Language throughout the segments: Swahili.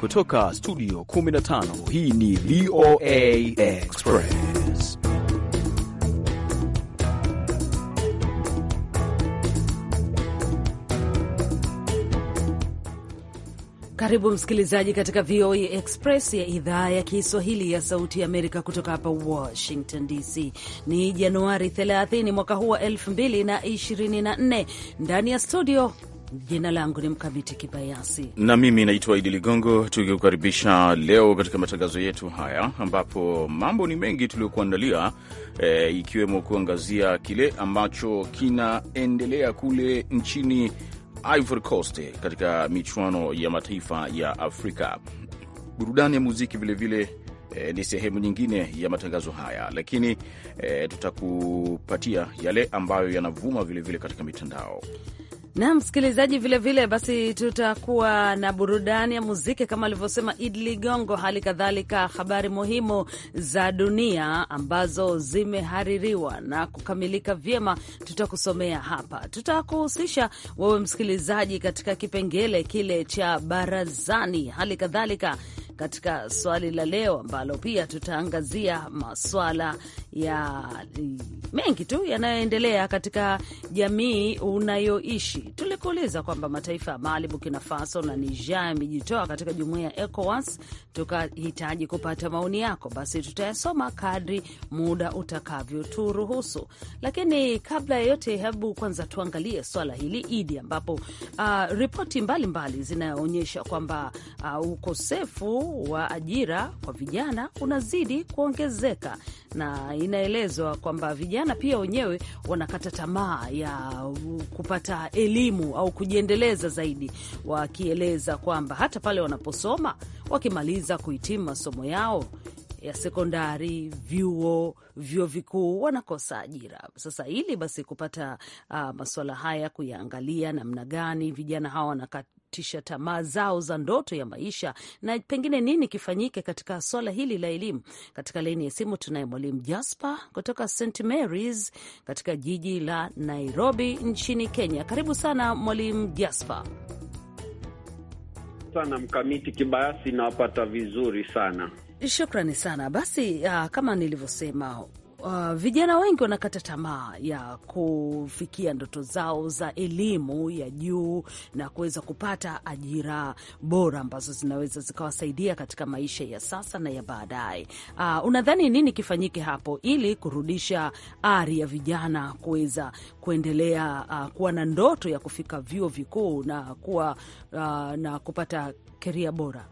kutoka studio 15 hii ni VOA Express. Karibu msikilizaji katika VOA Express ya idhaa ya Kiswahili ya Sauti ya Amerika kutoka hapa Washington DC. Ni Januari 30 mwaka huu wa 2024. Ndani ya studio Jina langu ni Mkamiti Kibayasi na mimi naitwa Idi Ligongo, tukikukaribisha leo katika matangazo yetu haya, ambapo mambo ni mengi tuliyokuandalia, e, eh, ikiwemo kuangazia kile ambacho kinaendelea kule nchini Ivory Coast katika michuano ya mataifa ya Afrika. Burudani ya muziki vilevile E, eh, ni sehemu nyingine ya matangazo haya, lakini e, tutakupatia yale ambayo yanavuma vilevile katika mitandao na msikilizaji vilevile, basi tutakuwa na burudani ya muziki kama alivyosema Idi Ligongo, hali kadhalika habari muhimu za dunia ambazo zimehaririwa na kukamilika vyema, tutakusomea hapa. Tutakuhusisha wewe msikilizaji katika kipengele kile cha barazani, hali kadhalika katika swali la leo, ambalo pia tutaangazia maswala ya mengi tu yanayoendelea katika jamii unayoishi. Tulikuuliza kwamba mataifa ya Mali, Burkina Faso na Niger yamejitoa katika jumuiya ya ECOWAS, tukahitaji kupata maoni yako, basi tutayasoma kadri muda utakavyoturuhusu. Lakini kabla ya yote, hebu kwanza tuangalie swala hili Idi, ambapo uh, ripoti mbalimbali zinaonyesha kwamba uh, ukosefu wa ajira kwa vijana unazidi kuongezeka, na inaelezwa kwamba vijana pia wenyewe wanakata tamaa ya kupata elimu au kujiendeleza zaidi, wakieleza kwamba hata pale wanaposoma wakimaliza kuhitimu masomo yao ya sekondari, vyuo, vyuo vikuu wanakosa ajira. Sasa ili basi kupata uh, ah, masuala haya kuyaangalia namna gani vijana hawa kutisha tamaa zao za ndoto ya maisha, na pengine nini kifanyike katika swala hili la elimu. Katika laini ya simu tunaye mwalimu Jasper kutoka St Mary's katika jiji la Nairobi nchini Kenya. Karibu sana mwalimu Jasper. Sana mkamiti kibayasi, nawapata vizuri sana. Shukrani sana. Basi uh, kama nilivyosema uh, vijana wengi wanakata tamaa ya kufikia ndoto zao za elimu ya juu na kuweza kupata ajira bora ambazo zinaweza zikawasaidia katika maisha ya sasa na ya baadaye. Uh, unadhani nini kifanyike hapo ili kurudisha ari ya vijana kuweza kuendelea uh, kuwa na ndoto ya kufika vyuo vikuu na kuwa uh, na kupata keria bora?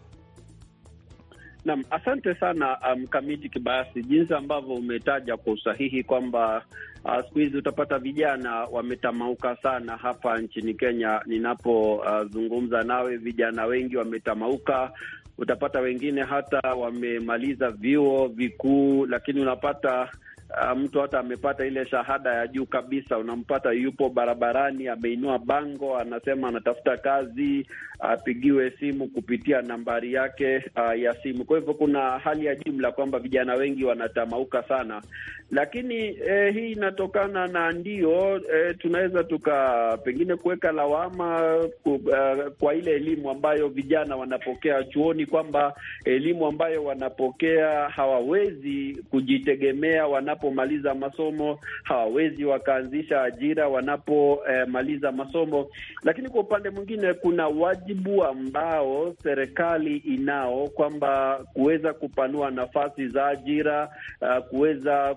Naam, asante sana uh, mkamiti um, Kibayasi, jinsi ambavyo umetaja kwa usahihi kwamba uh, siku hizi utapata vijana wametamauka sana hapa nchini Kenya. Ninapozungumza uh, nawe, vijana wengi wametamauka utapata wengine hata wamemaliza vyuo vikuu, lakini unapata uh, mtu hata amepata ile shahada ya juu kabisa, unampata yupo barabarani, ameinua bango, anasema anatafuta kazi, apigiwe simu kupitia nambari yake uh, ya simu. Kwa hivyo kuna hali ya jumla kwamba vijana wengi wanatamauka sana, lakini eh, hii inatokana na ndio, eh, tunaweza tuka pengine kuweka lawama ku, uh, kwa ile elimu ambayo vijana wanapokea chuoni, kwamba elimu ambayo wanapokea hawawezi kujitegemea wana wanapomaliza masomo, hawawezi wakaanzisha ajira wanapomaliza eh, masomo. Lakini kwa upande mwingine, kuna wajibu ambao serikali inao kwamba kuweza kupanua nafasi za ajira, uh, kuweza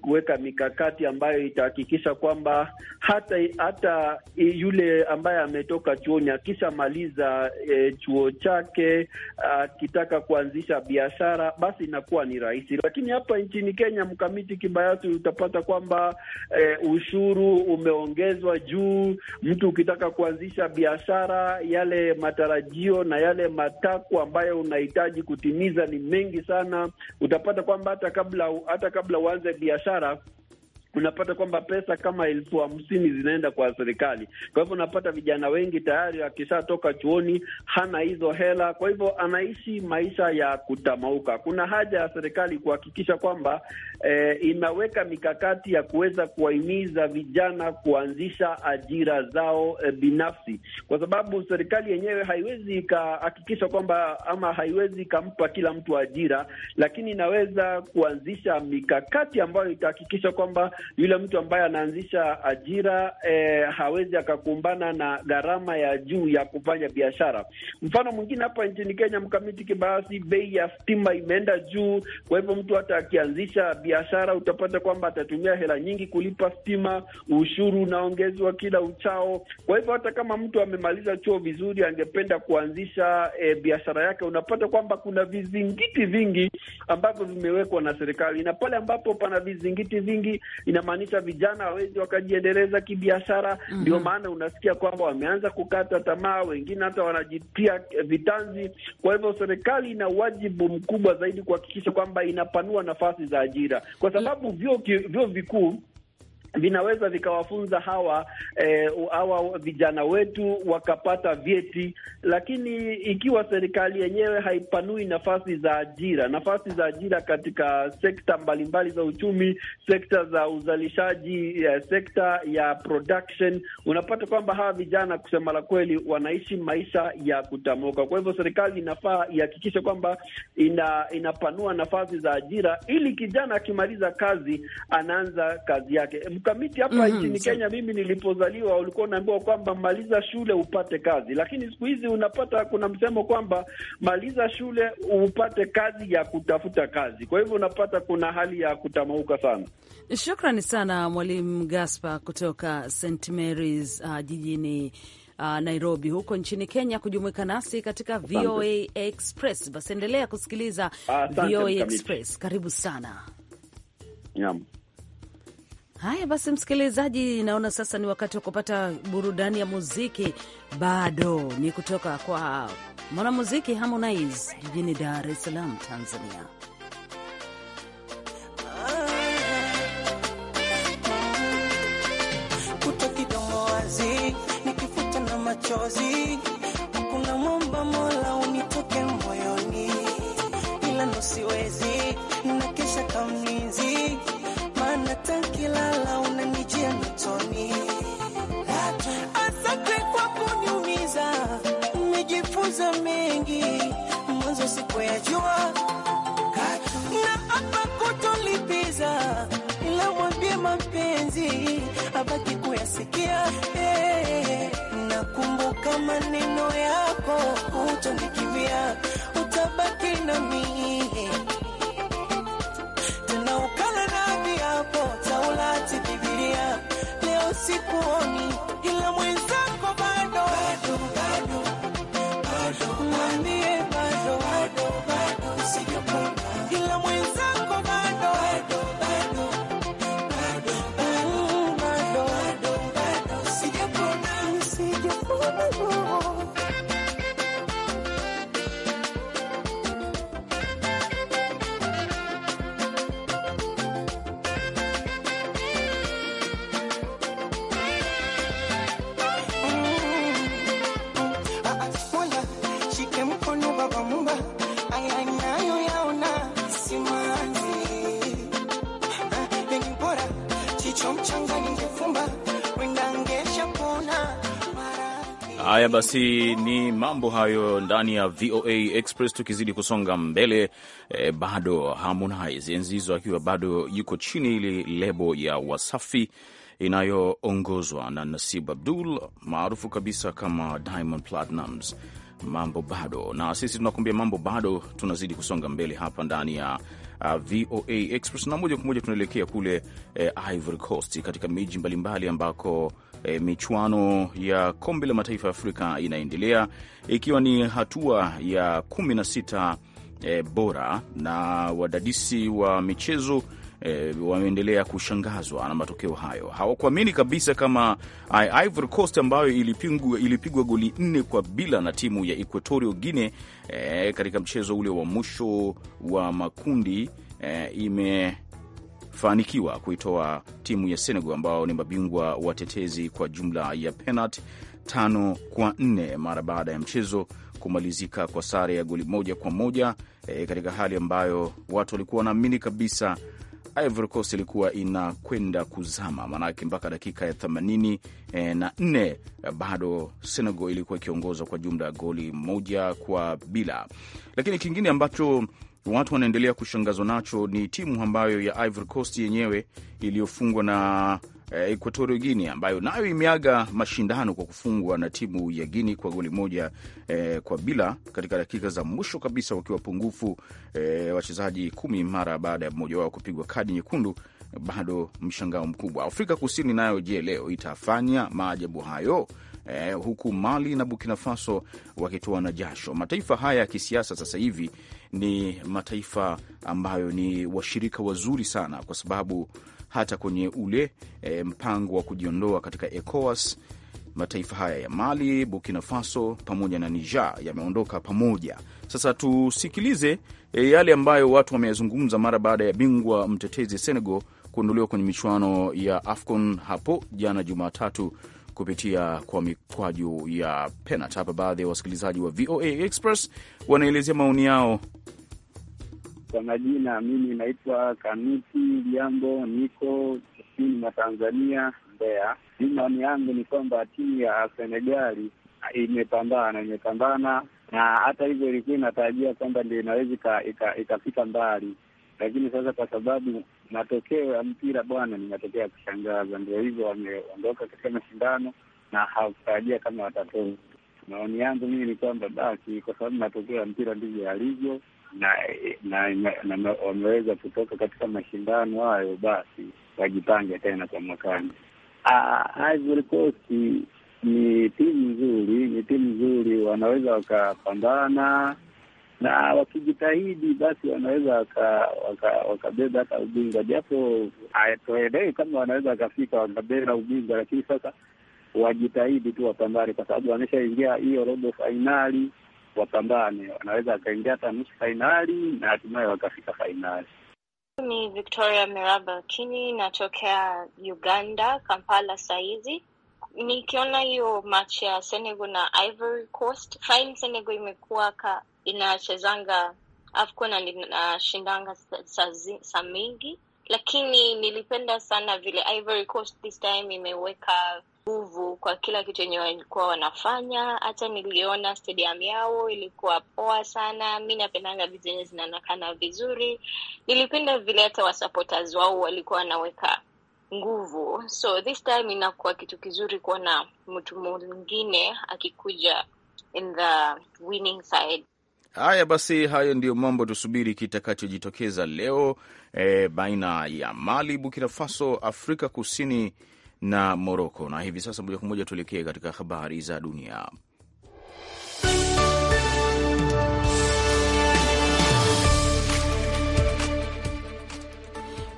kuweka mikakati ambayo itahakikisha kwamba hata hata yule ambaye ametoka chuoni akishamaliza eh, chuo chake akitaka uh, kuanzisha biashara basi inakuwa ni rahisi. Lakini hapa nchini Kenya mkamiti kibayati utapata kwamba eh, ushuru umeongezwa juu. Mtu ukitaka kuanzisha biashara, yale matarajio na yale matakwa ambayo unahitaji kutimiza ni mengi sana. Utapata kwamba hata kabla hata kabla uanze biashara unapata kwamba pesa kama elfu hamsini zinaenda kwa serikali. Kwa hivyo unapata vijana wengi tayari akishatoka chuoni hana hizo hela, kwa hivyo anaishi maisha ya kutamauka. Kuna haja ya serikali kuhakikisha kwamba eh, inaweka mikakati ya kuweza kuwahimiza vijana kuanzisha ajira zao eh, binafsi, kwa sababu serikali yenyewe haiwezi ikahakikisha kwamba ama haiwezi ikampa kila mtu ajira, lakini inaweza kuanzisha mikakati ambayo itahakikisha kwamba yule mtu ambaye anaanzisha ajira eh, hawezi akakumbana na gharama ya juu ya kufanya biashara. Mfano mwingine hapa nchini Kenya, mkamiti kibayasi, bei ya stima imeenda juu. Kwa hivyo mtu hata akianzisha biashara utapata kwamba atatumia hela nyingi kulipa stima, ushuru unaongezwa kila uchao. Kwa hivyo hata kama mtu amemaliza chuo vizuri, angependa kuanzisha e, biashara yake, unapata kwamba kuna vizingiti vingi ambavyo vimewekwa na serikali, na pale ambapo pana vizingiti vingi inamaanisha vijana hawezi wakajiendeleza kibiashara. Mhm. Ndio mm -hmm. maana unasikia kwamba wameanza kukata tamaa, wengine hata wanajitia vitanzi. Kwa hivyo serikali ina wajibu mkubwa zaidi kuhakikisha kwamba inapanua nafasi za ajira, kwa sababu vyuo vikuu vinaweza vikawafunza hawa eh, vijana wetu wakapata vyeti, lakini ikiwa serikali yenyewe haipanui nafasi za ajira, nafasi za ajira katika sekta mbalimbali za uchumi, sekta za uzalishaji, eh, sekta ya production, unapata kwamba hawa vijana kusema la kweli wanaishi maisha ya kutamuka. Kwa hivyo serikali inafaa ihakikishe kwamba ina, inapanua nafasi za ajira ili kijana akimaliza kazi anaanza kazi yake kamiti hapa mm -hmm. Nchini Kenya mimi nilipozaliwa ulikuwa unaambiwa kwamba maliza shule upate kazi, lakini siku hizi unapata kuna msemo kwamba maliza shule upate kazi ya kutafuta kazi. Kwa hivyo unapata kuna hali ya kutamauka sana. Shukrani sana Mwalimu Gaspar kutoka St Mary's uh, jijini uh, Nairobi huko nchini Kenya kujumuika nasi katika VOA Express. Basi endelea kusikiliza VOA Express. Karibu sana. Yeah. Haya basi, msikilizaji, naona sasa ni wakati wa kupata burudani ya muziki. Bado ni kutoka kwa mwanamuziki Harmonize jijini Dar es Salaam, Tanzania. kujifunza mengi, mwanzo sikuyajua na hapa kutolipiza, ila mwambie mapenzi abaki kuyasikia. Hey, eh, nakumbuka maneno yako, utonikivia utabaki nami Haya basi, ni mambo hayo ndani ya VOA Express. Tukizidi kusonga mbele E, bado Harmonize enzi hizo akiwa bado yuko chini ile lebo ya Wasafi inayoongozwa na Nasib Abdul maarufu kabisa kama Diamond Platnumz. Mambo bado na sisi tunakuambia mambo bado, tunazidi kusonga mbele hapa ndani ya uh, VOA Express na moja kwa moja tunaelekea kule eh, Ivory Coast katika miji mbalimbali ambako e, michuano ya kombe la mataifa ya Afrika inaendelea ikiwa ni hatua ya 16 e, eh, bora na wadadisi wa michezo E, wameendelea kushangazwa na matokeo hayo. Hawakuamini kabisa kama Ivory Coast ambayo ilipigwa goli nne kwa bila na timu ya Equatorial Guinea e, katika mchezo ule wa mwisho wa makundi e, ime kufanikiwa kuitoa timu ya Senegal ambao ni mabingwa watetezi kwa jumla ya penati tano kwa nne mara baada ya mchezo kumalizika kwa sare ya goli moja kwa moja e, katika hali ambayo watu walikuwa wanaamini kabisa Ivory Coast ilikuwa inakwenda kuzama, maanake mpaka dakika ya themanini e, na nne e, bado Senegal ilikuwa ikiongozwa kwa jumla ya goli moja kwa bila. Lakini kingine ambacho watu wanaendelea kushangazwa nacho ni timu ambayo ya Ivory Coast yenyewe iliyofungwa na eh, Equatorio Guinea ambayo nayo imeaga mashindano kwa kufungwa na timu ya Guinea kwa goli moja eh, kwa bila katika dakika za mwisho kabisa, wakiwa pungufu eh, wachezaji kumi mara baada ya mmoja wao kupigwa kadi nyekundu. Bado mshangao mkubwa. Afrika Kusini nayo je, leo itafanya maajabu hayo? eh, huku Mali na Burkina Faso wakitoa na jasho. Mataifa haya ya kisiasa sasa hivi ni mataifa ambayo ni washirika wazuri sana, kwa sababu hata kwenye ule eh, mpango wa kujiondoa katika ECOWAS mataifa haya ya Mali, Burkina Faso pamoja na Niger yameondoka pamoja. Sasa tusikilize eh, yale ambayo watu wameyazungumza mara baada ya bingwa mtetezi Senegal kuondolewa kwenye michuano ya AFCON hapo jana Jumatatu kupitia kwa mikwaju ya penat. Hapa baadhi ya wasikilizaji wa VOA Express wanaelezea maoni yao. Kwa majina, mimi naitwa Kamiti Liambo, niko kusini mwa Tanzania, Mbeya. Mi maoni yangu ni kwamba timu ya Senegali imepambana imepambana, na hata hivyo ilikuwa inatarajia kwamba ndio inaweza ikafika mbali, lakini sasa kwa sababu matokeo ya mpira bwana, ni matokeo ya kushangaza. Ndio hivyo, wameondoka katika mashindano na hawakutarajia kama watatoa. Maoni yangu mimi ni kwamba basi, kwa sababu matokeo ya mpira ndivyo yalivyo, na na, na, na wameweza kutoka katika mashindano hayo, basi wajipange tena kwa mwakani. Ah, Ivory Coast ni timu nzuri, ni timu nzuri, wanaweza wakapambana na wakijitahidi basi wanaweza wakabeba waka, waka hata ubingwa, japo hatuelewi kama wanaweza wakafika wakabeba ubingwa, lakini sasa wajitahidi tu wapambane, kwa sababu wameshaingia hiyo robo fainali. Wapambane, wanaweza wakaingia hata nusu fainali na hatimaye wakafika fainali. Ni Victoria Miraba Kini, natokea Uganda, Kampala sahizi nikiona hiyo match ya Senegal na Ivory Coast. Fine, Senegal imekuwa ka inachezanga AFCON na inashindanga sa, sa mingi, lakini nilipenda sana vile Ivory Coast this time imeweka nguvu kwa kila kitu yenye walikuwa wanafanya. Hata niliona stadium yao ilikuwa poa sana. Mi napendanga vitu zenye zinaonekana vizuri. Nilipenda vile hata wasupporters wao walikuwa wanaweka nguvu, so this time inakuwa kitu kizuri kuona mtu mwingine akikuja in the winning side. Haya basi, hayo ndiyo mambo tusubiri kitakachojitokeza leo e, baina ya Mali, Burkina Faso, Afrika Kusini na Moroko. Na hivi sasa moja kwa moja tuelekee katika habari za dunia.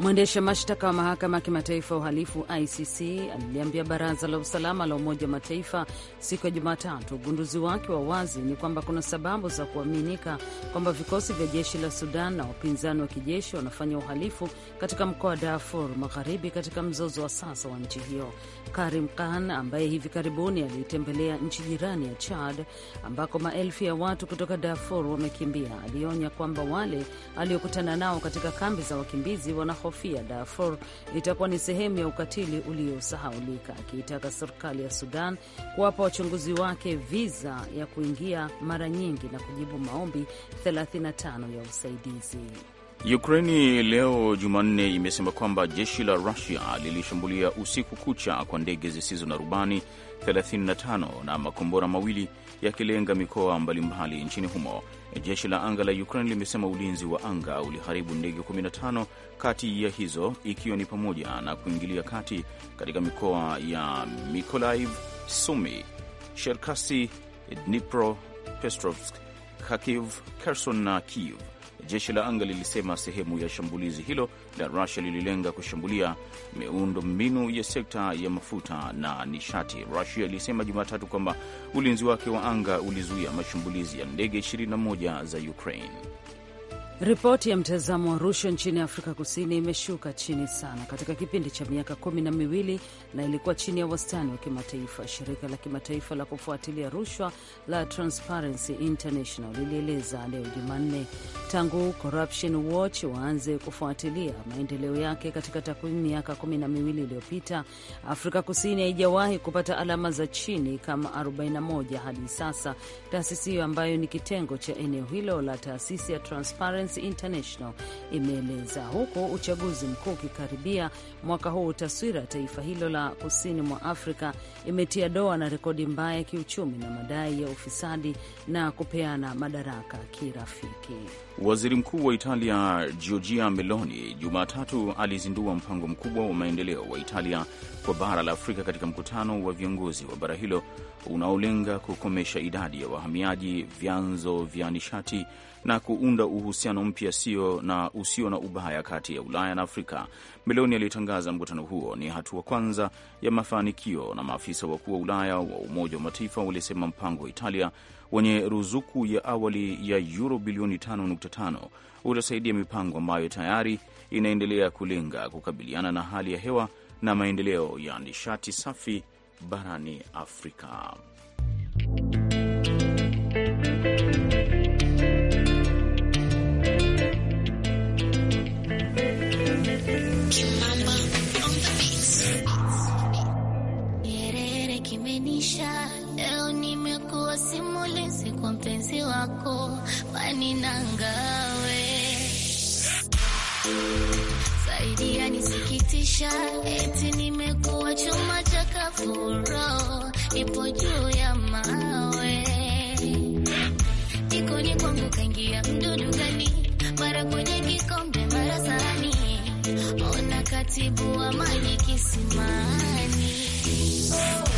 Mwendesha mashtaka wa mahakama ya kimataifa ya uhalifu ICC aliliambia baraza la usalama la Umoja wa Mataifa siku ya Jumatatu ugunduzi wake wa wazi ni kwamba kuna sababu za kuaminika kwamba vikosi vya jeshi la Sudan na wapinzani wa kijeshi wanafanya uhalifu katika mkoa wa Darfur Magharibi katika mzozo wa sasa wa nchi hiyo. Karim Khan ambaye hivi karibuni aliitembelea nchi jirani ya Chad ambako maelfu ya watu kutoka Darfur wamekimbia, alionya kwamba wale aliokutana nao katika kambi za wakimbizi wana ya Darfur itakuwa ni sehemu ya ukatili uliosahaulika, akiitaka serikali ya Sudan kuwapa wachunguzi wake viza ya kuingia mara nyingi na kujibu maombi 35 ya usaidizi. Ukraini leo Jumanne imesema kwamba jeshi la Rusia lilishambulia usiku kucha kwa ndege zisizo na rubani 35 na makombora mawili yakilenga mikoa mbalimbali nchini humo. Jeshi la anga la Ukraine limesema ulinzi wa anga uliharibu ndege 15 kati ya hizo, ikiwa ni pamoja na kuingilia kati katika mikoa ya Mikolaiv, Sumi, Sherkasi, Dnipropetrovsk, Kharkiv, Kherson na Kiev. Jeshi la anga lilisema sehemu ya shambulizi hilo la Rusia lililenga kushambulia miundo mbinu ya sekta ya mafuta na nishati. Rusia ilisema Jumatatu kwamba ulinzi wake wa anga ulizuia mashambulizi ya ndege 21 za Ukraine. Ripoti ya mtazamo wa rushwa nchini Afrika Kusini imeshuka chini sana katika kipindi cha miaka kumi na miwili na ilikuwa chini ya wastani wa kimataifa. Shirika la kimataifa la kufuatilia rushwa la Transparency International lilieleza leo Jumanne tangu Corruption Watch waanze kufuatilia maendeleo yake katika takwimu miaka kumi na miwili iliyopita, Afrika Kusini haijawahi kupata alama za chini kama 41 hadi sasa. Taasisi hiyo ambayo ni kitengo cha eneo hilo la taasisi ya Transparency Transparency International imeeleza, huku uchaguzi mkuu ukikaribia mwaka huu. Taswira ya taifa hilo la kusini mwa Afrika imetia doa na rekodi mbaya ya kiuchumi na madai ya ufisadi na kupeana madaraka kirafiki. Waziri Mkuu wa Italia Giorgia Meloni Jumatatu alizindua mpango mkubwa wa maendeleo wa Italia kwa bara la Afrika katika mkutano wa viongozi wa bara hilo unaolenga kukomesha idadi ya wahamiaji, vyanzo vya nishati na kuunda uhusiano mpya sio na usio na ubaya kati ya Ulaya na Afrika. Meloni aliyetangaza mkutano huo ni hatua kwanza ya mafanikio, na maafisa wakuu wa Ulaya wa Umoja wa Mataifa walisema mpango wa Italia wenye ruzuku ya awali ya uro bilioni 5.5 utasaidia mipango ambayo tayari inaendelea kulenga kukabiliana na hali ya hewa na maendeleo ya nishati safi barani Afrika. umenibadilisha, leo nimekuwa simulizi kwa mpenzi wako, pani na ngawe zaidi yanisikitisha, eti nimekuwa chuma cha kafuro, ipo juu ya mawe jikoni kwangu kaingia mdudu gani? Mara kwenye kikombe, mara sahani, ona katibu wa maji kisimani oh.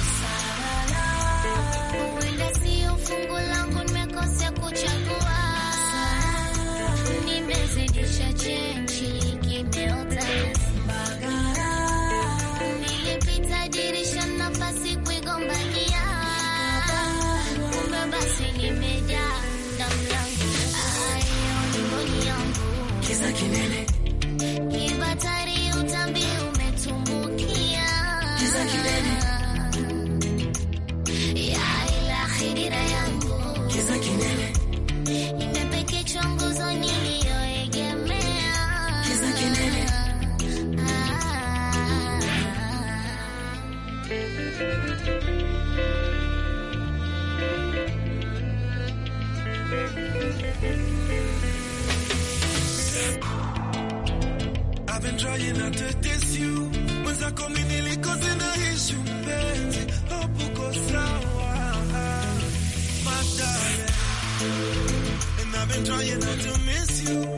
you.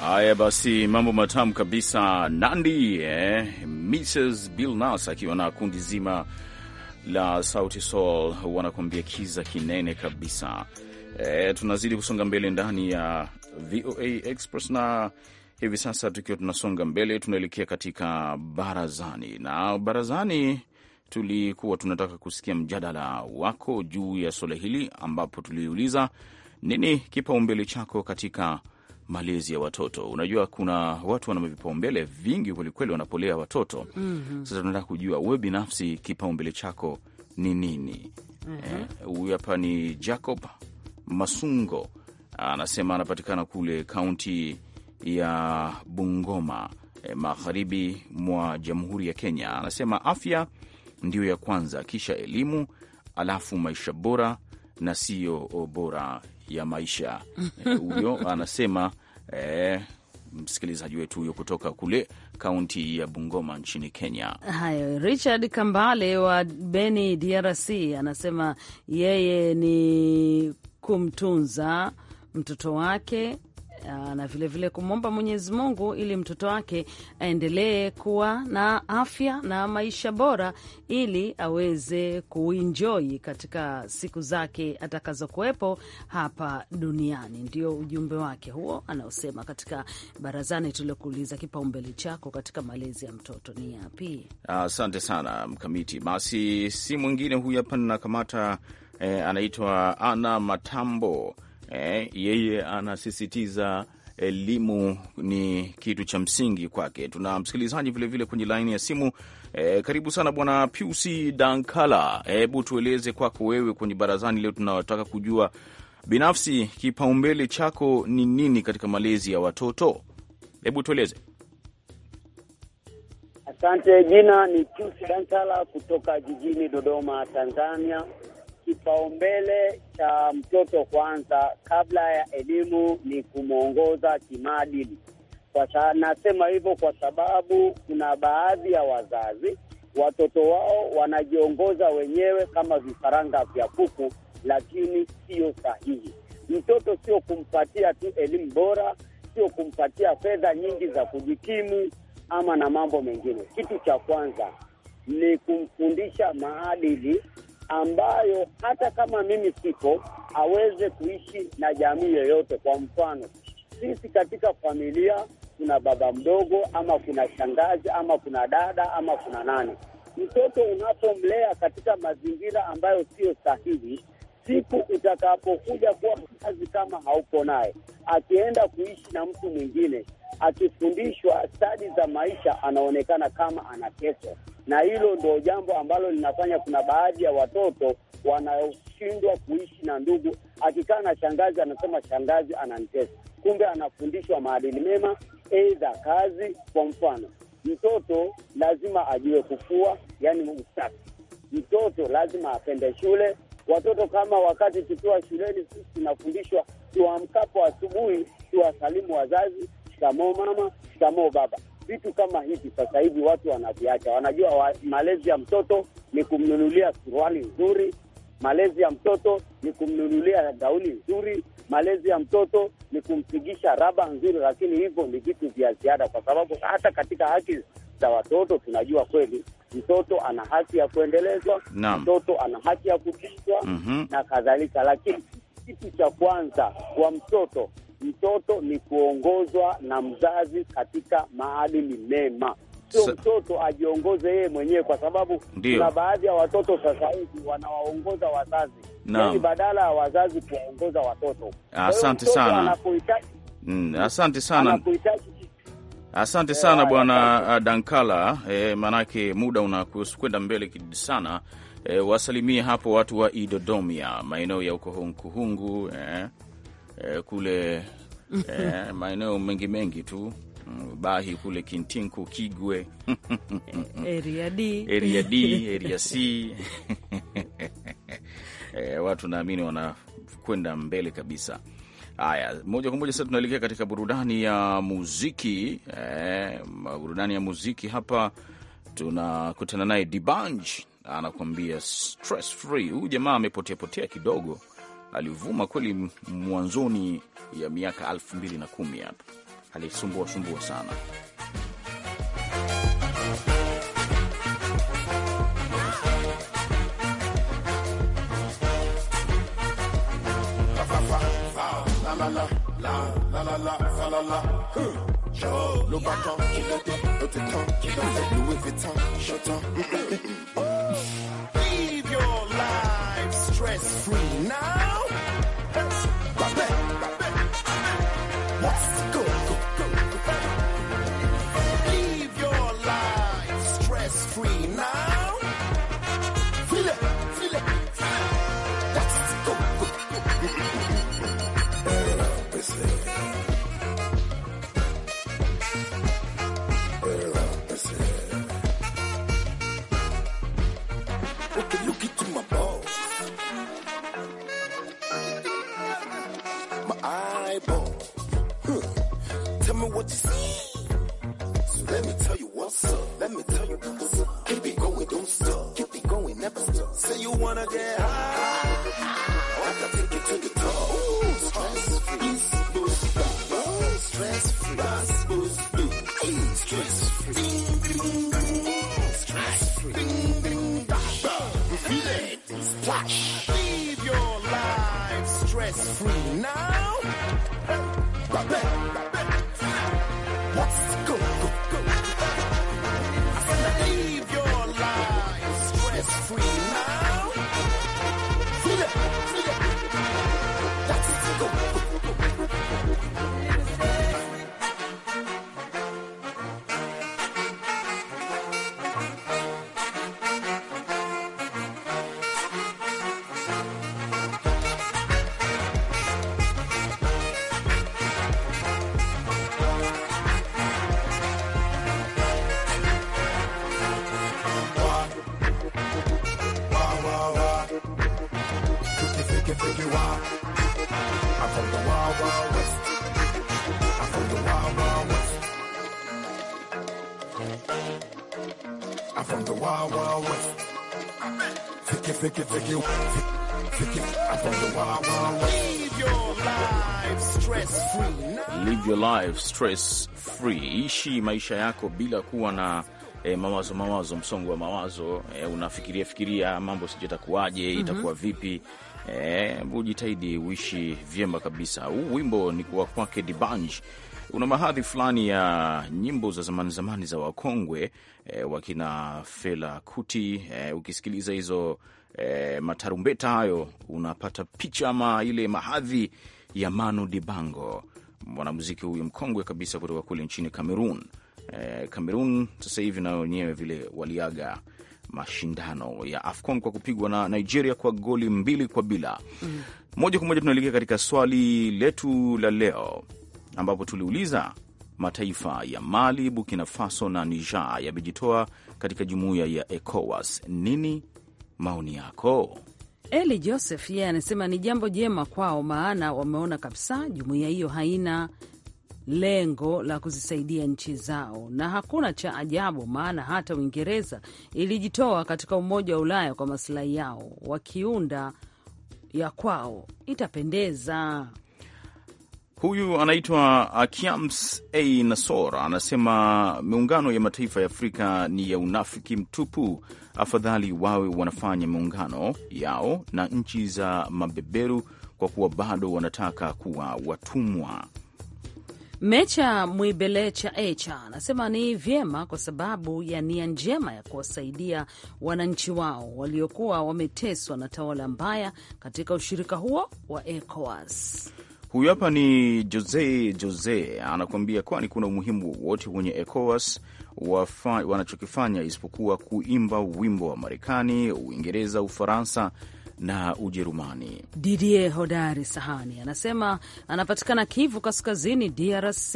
Haya basi, mambo matamu kabisa. Nandi eh, Mrs Bill Nass akiwa na kundi zima la Sauti Sol wanakuambia kiza kinene kabisa. Eh, tunazidi kusonga mbele ndani ya VOA Express na hivi sasa tukiwa tunasonga mbele, tunaelekea katika barazani, na barazani tulikuwa tunataka kusikia mjadala wako juu ya suala hili ambapo tuliuliza nini kipaumbele chako katika malezi ya watoto? Unajua, kuna watu wana vipaumbele vingi kwelikweli wanapolea watoto mm -hmm. Sasa tunataka kujua wewe binafsi kipaumbele chako ni nini? Huyu mm -hmm. Eh, ni Jacob Masungo anasema anapatikana kule kaunti ya Bungoma eh, magharibi mwa Jamhuri ya Kenya. Anasema afya ndiyo ya kwanza, kisha elimu, alafu maisha bora na siyo bora ya maisha eh, huyo. E, anasema e, msikilizaji wetu huyo kutoka kule kaunti ya Bungoma nchini Kenya. Hayo, Richard Kambale wa Beni, DRC, anasema yeye ni kumtunza mtoto wake Ah, na vilevile kumwomba Mwenyezi Mungu ili mtoto wake aendelee kuwa na afya na maisha bora, ili aweze kuinjoi katika siku zake atakazokuwepo hapa duniani. Ndio ujumbe wake huo anaosema katika barazani tuliokuuliza, kipaumbele chako katika malezi ya mtoto ni yapi? Asante sana Mkamiti. Basi si mwingine huyu hapa ninakamata, eh, anaitwa Ana Matambo eh, yeye anasisitiza elimu ni kitu cha msingi kwake. Tuna msikilizaji vilevile kwenye laini ya simu eh, karibu sana bwana Piusi Dankala, hebu eh, tueleze kwako wewe kwenye barazani leo. Tunataka kujua binafsi kipaumbele chako ni nini katika malezi ya watoto, hebu tueleze. Asante. Jina ni Piusi Dankala kutoka jijini Dodoma, Tanzania kipaumbele cha mtoto kwanza kabla ya elimu ni kumwongoza kimaadili. Kwa nasema hivyo kwa sababu kuna baadhi ya wazazi watoto wao wanajiongoza wenyewe kama vifaranga vya kuku, lakini siyo sahihi. Mtoto sio kumpatia tu elimu bora, sio kumpatia fedha nyingi za kujikimu ama na mambo mengine. Kitu cha kwanza ni kumfundisha maadili ambayo hata kama mimi siko aweze kuishi na jamii yoyote. Kwa mfano, sisi katika familia kuna baba mdogo ama kuna shangazi ama kuna dada ama kuna nani. Mtoto unapomlea katika mazingira ambayo siyo sahihi, siku utakapokuja kuwa mzazi, kama hauko naye, akienda kuishi na mtu mwingine, akifundishwa stadi za maisha, anaonekana kama ana kesho na hilo ndo jambo ambalo linafanya kuna baadhi ya watoto wanaoshindwa kuishi na ndugu. Akikaa na shangazi, anasema shangazi ananitesa, kumbe anafundishwa maadili mema, aidha kazi. Kwa mfano, mtoto lazima ajue kufua, yani usafi. Mtoto lazima apende shule. Watoto kama wakati tukiwa shuleni sisi tunafundishwa, tuamkapo asubuhi tuwasalimu wazazi, shikamoo mama, shikamoo baba vitu kama hivi sasa hivi watu wanaviacha, wanajua wa, malezi ya mtoto ni kumnunulia suruali nzuri, malezi ya mtoto ni kumnunulia gauni nzuri, malezi ya mtoto ni kumpigisha raba nzuri, lakini hivyo ni vitu vya ziada, kwa sababu hata katika haki za watoto tunajua kweli mtoto ana haki ya kuendelezwa, mtoto ana haki ya kukizwa mm -hmm. na kadhalika, lakini kitu cha kwanza kwa mtoto mtoto ni kuongozwa na mzazi katika maadili mema, sio mtoto ajiongoze yeye mwenyewe, kwa sababu kuna baadhi ya watoto sasa hivi wanawaongoza wazazi, yaani badala ya wazazi kuwaongoza watoto. Asante sana, mm, asante sana, Asante eh, sana bwana eh, Dankala. E, eh, maanake muda unakwenda mbele kidogo sana. E, wasalimie hapo watu wa Idodomia, maeneo ya Ukohunguhungu eh eh, kule eh, maeneo mengi mengi tu mm, Bahi kule Kintinku, Kigwe, eh, Area D, Area D, Area C eh, watu naamini wanakwenda mbele kabisa. Haya, moja kwa moja sasa tunaelekea katika burudani ya muziki eh, burudani ya muziki hapa tunakutana naye Dibanj anakuambia stress free. Huyu jamaa amepoteapotea kidogo alivuma kweli mwanzoni ya miaka alfu mbili na kumi hapa, alisumbua sumbua sana. free now. Let's go. Leave your life stress free now. Stop it. Live your life stress free, ishi maisha yako bila kuwa na E, mawazo mawazo, msongo wa mawazo e, unafikiria fikiria mambo sijui itakuwaje, mm -hmm. vipi? E, ujitahidi uishi vyema kabisa. Huu wimbo ni kuwa kwake Dibanj una mahadhi fulani ya nyimbo za zamani zamani za wakongwe e, wakina Fela Kuti e, ukisikiliza hizo e, matarumbeta hayo unapata picha ama ile mahadhi ya Manu Dibango, mwanamuziki huyu mkongwe kabisa kutoka kule nchini Cameroon. E, Cameroon sasa hivi na wenyewe vile waliaga mashindano ya AFCON kwa kupigwa na Nigeria kwa goli mbili kwa bila. Mm. Moja kwa moja tunaelekea katika swali letu la leo ambapo tuliuliza mataifa ya Mali, Burkina Faso na Niger yamejitoa katika jumuiya ya ECOWAS. Nini maoni yako. Eli Joseph yeye anasema ni jambo jema kwao, maana wameona kabisa jumuiya hiyo haina lengo la kuzisaidia nchi zao, na hakuna cha ajabu, maana hata Uingereza ilijitoa katika Umoja wa Ulaya kwa masilahi yao, wakiunda ya kwao itapendeza. Huyu anaitwa Akiams A Nasor anasema miungano ya mataifa ya Afrika ni ya unafiki mtupu afadhali wawe wanafanya muungano yao na nchi za mabeberu kwa kuwa bado wanataka kuwa watumwa. Mecha Mwibelecha Echa anasema ni vyema kwa sababu ya nia njema ya kuwasaidia wananchi wao waliokuwa wameteswa na tawala mbaya katika ushirika huo wa ECOWAS. Huyu hapa ni Jose Jose anakuambia, kwani kuna umuhimu wowote kwenye ECOWAS wanachokifanya isipokuwa kuimba wimbo wa Marekani, Uingereza, Ufaransa na Ujerumani. Didier Hodari Sahani anasema anapatikana Kivu Kaskazini, DRC.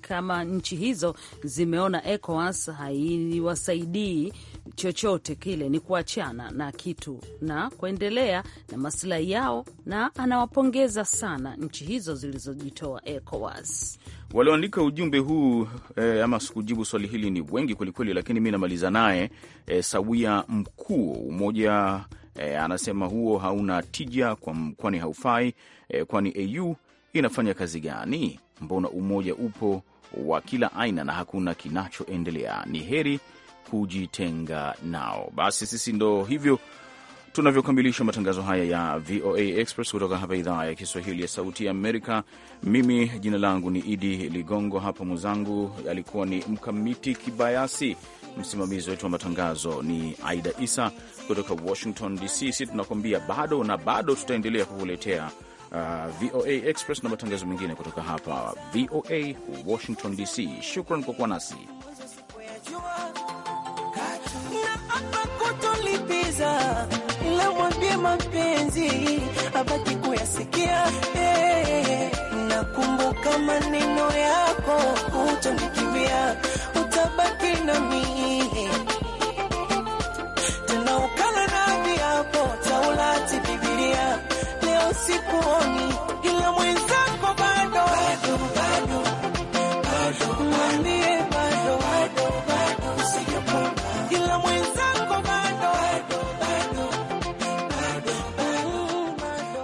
Kama nchi hizo zimeona ECOWAS haiwasaidii chochote kile, ni kuachana na kitu na kuendelea na masilahi yao, na anawapongeza sana nchi hizo zilizojitoa ECOWAS. Walioandika ujumbe huu eh, ama sikujibu swali hili ni wengi kwelikweli, lakini mi namaliza naye eh, Sawia mkuu umoja E, anasema huo hauna tija kwani haufai. E, kwani AU inafanya kazi gani? Mbona umoja upo wa kila aina na hakuna kinachoendelea? Ni heri kujitenga nao. Basi sisi ndo hivyo tunavyokamilisha matangazo haya ya VOA Express kutoka hapa idhaa ya Kiswahili ya Sauti ya Amerika. Mimi jina langu ni Idi Ligongo, hapa mwenzangu alikuwa ni Mkamiti Kibayasi, msimamizi wetu wa matangazo ni Aida Isa kutoka Washington DC. Si tunakuambia bado na bado, tutaendelea kukuletea uh, VOA Express na matangazo mengine kutoka hapa VOA Washington DC. Shukran kwa kuwa nasi ya mapenzi abaki kuyasikia hey. Eh, nakumbuka maneno yako utandikimbia, utabaki nami tena, ukala na viapo Taurati, Bibilia, leo sikuoni ila mwenzako bado bado bado